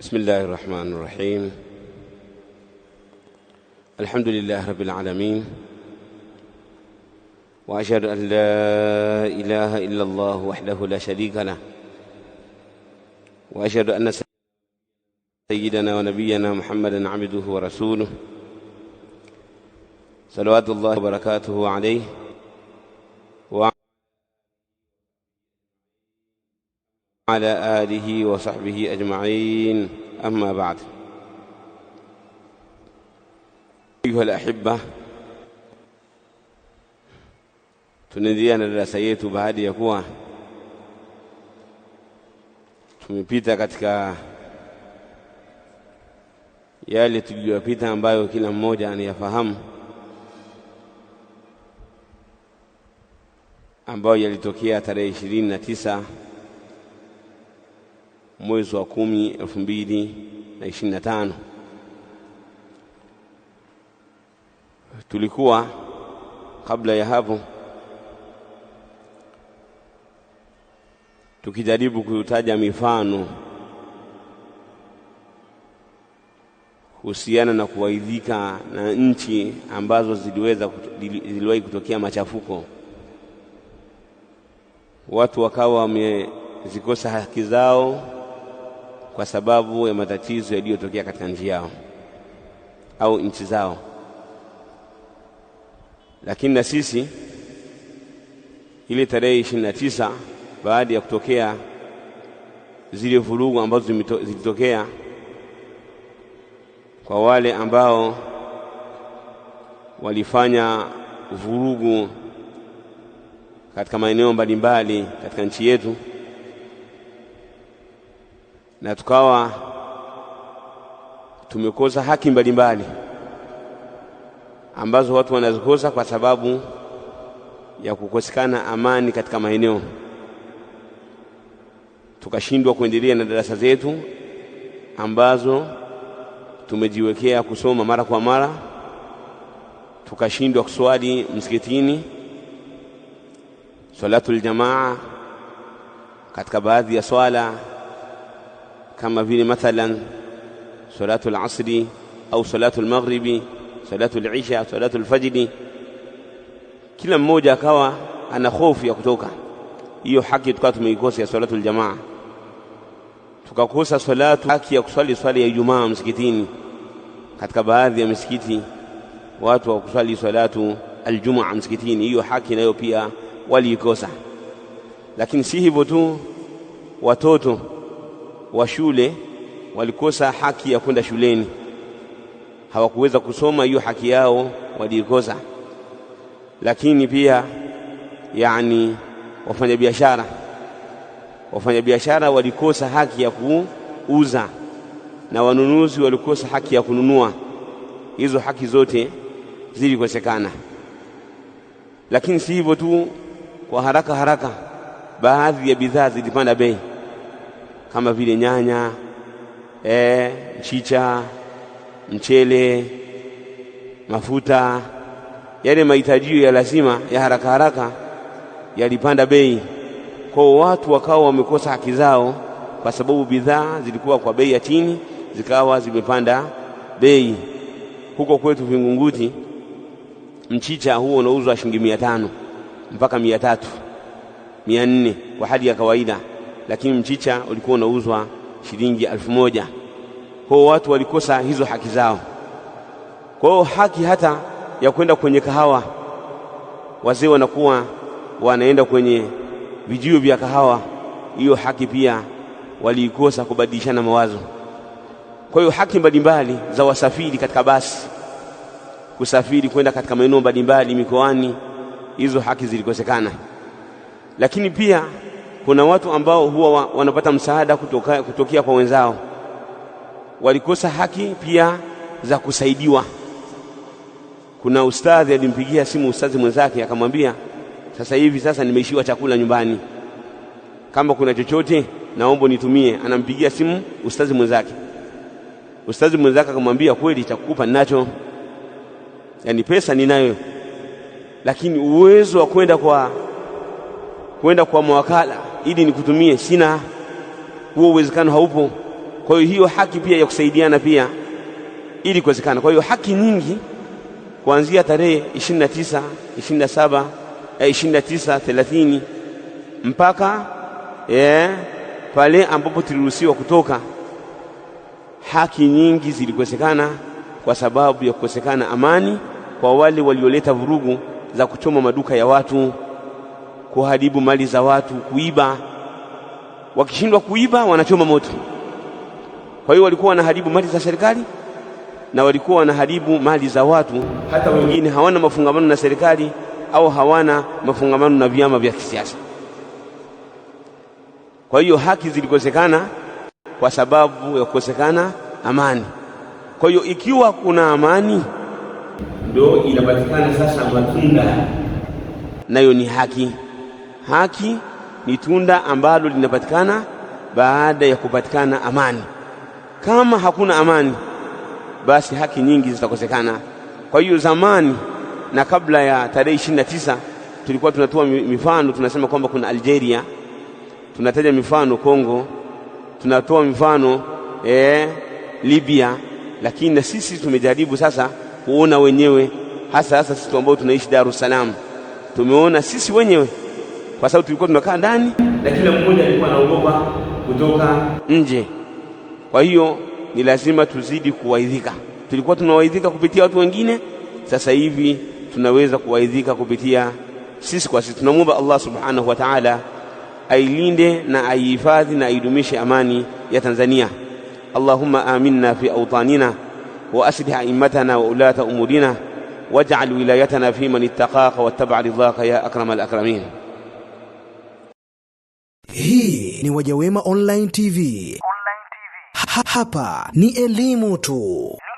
بسم الله الرحمن الرحيم الحمد لله رب العالمين وأشهد أن لا إله إلا الله وحده لا شريك له وأشهد أن سيدنا ونبينا محمدا عبده ورسوله صلوات الله وبركاته عليه على آله وصحبه أجمعين أما بعد أيها الأحبة tunendelea na darasa yetu baada ya kuwa tumepita katika yale tuliyopita ambayo kila mmoja anayafahamu ambayo yalitokea tarehe ishirini na tisa mwezi wa kumi elfu mbili na ishirini na tano tulikuwa kabla ya hapo tukijaribu kutaja mifano kuhusiana na kuwaidhika na nchi ambazo ziliweza ziliwahi kutokea machafuko, watu wakawa wamezikosa haki zao kwa sababu ya matatizo yaliyotokea katika nchi yao au nchi zao. Lakini na sisi ile tarehe ishirini na tisa baada ya kutokea zile vurugu ambazo zilitokea kwa wale ambao walifanya vurugu katika maeneo mbalimbali katika nchi yetu na tukawa tumekosa haki mbalimbali mbali ambazo watu wanazikosa kwa sababu ya kukosekana amani katika maeneo, tukashindwa kuendelea na darasa zetu ambazo tumejiwekea kusoma mara kwa mara, tukashindwa kuswali msikitini swalatul jamaa katika baadhi ya swala كما في مثلا صلاة العصر أو صلاة المغرب صلاة العشاء صلاة الفجر kila mmoja akawa ana hofu ya kutoka hiyo haki tukawa tumeikosa ya salatu aljamaa tukakosa salatu haki ya kuswali swali ya Ijumaa msikitini katika baadhi ya misikiti watu wa kuswali salatu aljumaa msikitini hiyo haki nayo pia waliikosa lakini si hivyo tu watoto wa shule walikosa haki ya kwenda shuleni, hawakuweza kusoma, hiyo haki yao waliikosa. Lakini pia yani, wafanyabiashara wafanyabiashara walikosa haki ya kuuza na wanunuzi walikosa haki ya kununua. Hizo haki zote zilikosekana. Lakini si hivyo tu, kwa haraka haraka baadhi ya bidhaa zilipanda bei kama vile nyanya, eh, mchicha, mchele, mafuta, yale mahitaji ya lazima ya haraka haraka yalipanda bei, kwa watu wakawa wamekosa haki zao, kwa sababu bidhaa zilikuwa kwa bei ya chini zikawa zimepanda bei. Huko kwetu Vingunguti, mchicha huo unauzwa shilingi mia tano mpaka mia tatu mia nne kwa hali ya kawaida lakini mchicha ulikuwa unauzwa shilingi elfu moja. Kwa watu walikosa hizo haki zao. Kwa hiyo haki hata ya kwenda kwenye kahawa, wazee wanakuwa wanaenda kwenye vijio vya kahawa, hiyo haki pia waliikosa, kubadilishana mawazo. Kwa hiyo haki mbalimbali za wasafiri katika basi, kusafiri kwenda katika maeneo mbalimbali mikoani, hizo haki zilikosekana, lakini pia kuna watu ambao huwa wanapata msaada kutoka, kutokea kwa wenzao, walikosa haki pia za kusaidiwa. Kuna ustadhi alimpigia simu ustadhi mwenzake akamwambia, sasa hivi sasa nimeishiwa chakula nyumbani, kama kuna chochote naomba nitumie. Anampigia simu ustadhi mwenzake, ustadhi mwenzake akamwambia, kweli chakukupa ninacho, yaani pesa ninayo, lakini uwezo wa kwenda kwa kwenda kwa mawakala ili nikutumie, sina huo uwezekano, haupo. Kwa hiyo hiyo haki pia ya kusaidiana pia ili kuwezekana. Kwa hiyo haki nyingi kuanzia tarehe 29, 27, tisa 29, na eh, mpaka yeah, pale ambapo tuliruhusiwa kutoka, haki nyingi zilikosekana kwa sababu ya kukosekana amani kwa wale walioleta vurugu za kuchoma maduka ya watu kuharibu mali za watu, kuiba. Wakishindwa kuiba, wanachoma moto. Kwa hiyo walikuwa wanaharibu mali za serikali na walikuwa wanaharibu mali za watu. Hata wengine hawana mafungamano na serikali au hawana mafungamano na vyama vya kisiasa. Kwa hiyo haki zilikosekana kwa sababu ya kukosekana amani. Kwa hiyo ikiwa kuna amani, ndio inapatikana sasa matunda, nayo ni haki. Haki ni tunda ambalo linapatikana baada ya kupatikana amani. Kama hakuna amani, basi haki nyingi zitakosekana. Kwa hiyo zamani na kabla ya tarehe ishirini na tisa tulikuwa tunatoa mifano, tunasema kwamba kuna Algeria, tunataja mifano Kongo, tunatoa mifano eh, Libya, lakini na sisi tumejaribu sasa kuona wenyewe, hasa hasa sisi ambao tunaishi Dar es Salaam, tumeona sisi wenyewe kwa sababu tulikuwa tunakaa ndani na kila mmoja alikuwa anaogopa kutoka nje. Kwa hiyo ni lazima tuzidi kuwaidhika. Tulikuwa tunawaidhika kupitia watu wengine, sasa hivi tunaweza kuwaidhika kupitia sisi kwa sisi. Tunamwomba Allah subhanahu wa ta'ala ailinde na aihifadhi na aidumishe amani ya Tanzania. Allahumma aminna fi awtanina wa aslih aimatana wa ulata umurina waj'al wilayatana fi man ittaqaka wattaba ridhaka ya akramal akramin. Hii ni Wajawema Online TV. Online TV. Ha hapa ni elimu tu.